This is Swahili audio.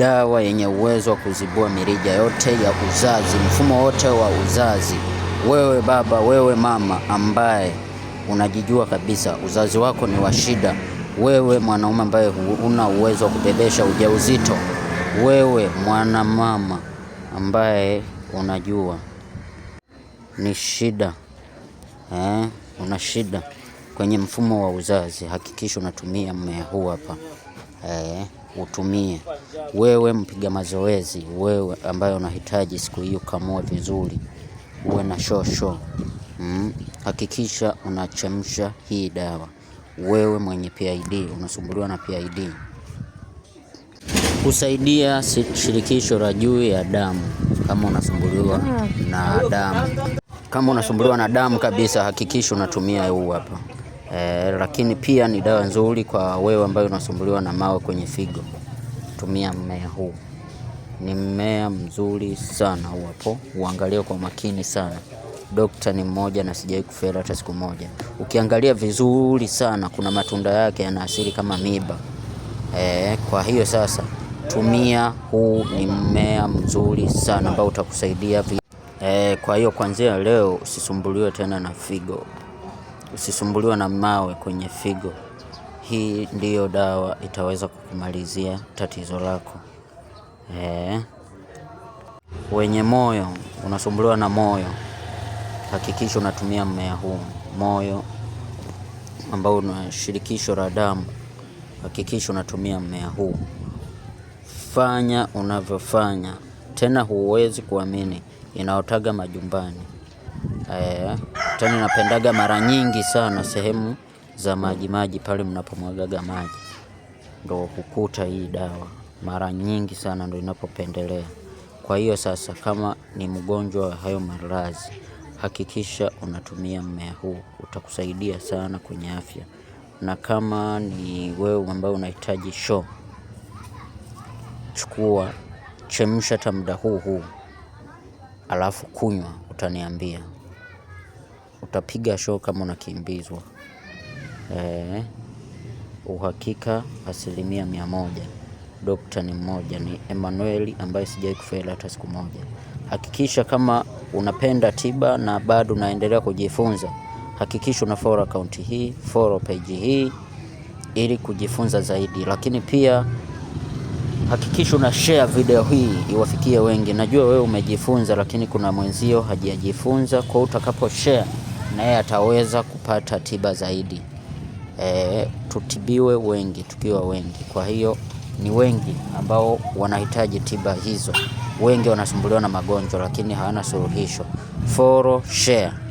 dawa yenye uwezo wa kuzibua mirija yote ya uzazi, mfumo wote wa uzazi. Wewe baba, wewe mama, ambaye unajijua kabisa uzazi wako ni wa shida, wewe mwanaume ambaye huna uwezo wa kubebesha ujauzito, wewe mwanamama ambaye unajua ni shida eh, una shida kwenye mfumo wa uzazi, hakikisha unatumia mmea huu hapa eh utumie wewe mpiga mazoezi, wewe ambaye unahitaji siku hiyo kamua vizuri, uwe na shosho mm. Hakikisha unachemsha hii dawa. Wewe mwenye PID unasumbuliwa na PID, kusaidia shirikisho la juu ya damu. Kama unasumbuliwa na damu, kama unasumbuliwa na damu kabisa, hakikisha unatumia huu hapa e, lakini pia ni dawa nzuri kwa wewe ambayo unasumbuliwa na mawe kwenye figo. Tumia mmea huu, ni mmea mzuri sana huu uangalie kwa makini sana. Dokta ni mmoja na sijai kufeli hata siku moja. Ukiangalia vizuri sana, kuna matunda yake asili kama miba e, kwa hiyo sasa tumia huu, ni mmea mzuri sana ambao utakusaidia. E, kwa hiyo kuanzia leo usisumbuliwe tena na figo. Usisumbuliwe na mawe kwenye figo. Hii ndiyo dawa itaweza kukumalizia tatizo lako. Eh, Wenye moyo, unasumbuliwa na moyo, hakikisha unatumia mmea huu. Moyo ambao una shirikisho la damu, hakikisha unatumia mmea huu. Fanya unavyofanya tena, huwezi kuamini inaotaga majumbani. Eh. Tena napendaga mara nyingi sana sehemu za maji maji pale mnapomwagaga maji ndo hukuta hii dawa mara nyingi sana ndo inapopendelea. Kwa hiyo sasa, kama ni mgonjwa wa hayo maradhi, hakikisha unatumia mmea huu, utakusaidia sana kwenye afya. Na kama ni wewe ambaye unahitaji show, chukua chemsha hata muda huu huu, alafu kunywa, utaniambia utapiga show kama unakimbizwa. Eh, uhakika asilimia mia moja. Dokta ni mmoja, ni Emmanuel ambaye sijawahi kufeli hata siku moja. Hakikisha kama unapenda tiba na bado unaendelea kujifunza, hakikisha una follow account hii, follow page hii ili kujifunza zaidi, lakini pia Hakikisha una share video hii iwafikie wengi. Najua wewe umejifunza, lakini kuna mwenzio hajajifunza. Kwa utakapo share na yeye ataweza kupata tiba zaidi. E, tutibiwe wengi tukiwa wengi. Kwa hiyo ni wengi ambao wanahitaji tiba hizo. Wengi wanasumbuliwa na magonjwa lakini hawana suluhisho. Follow, share.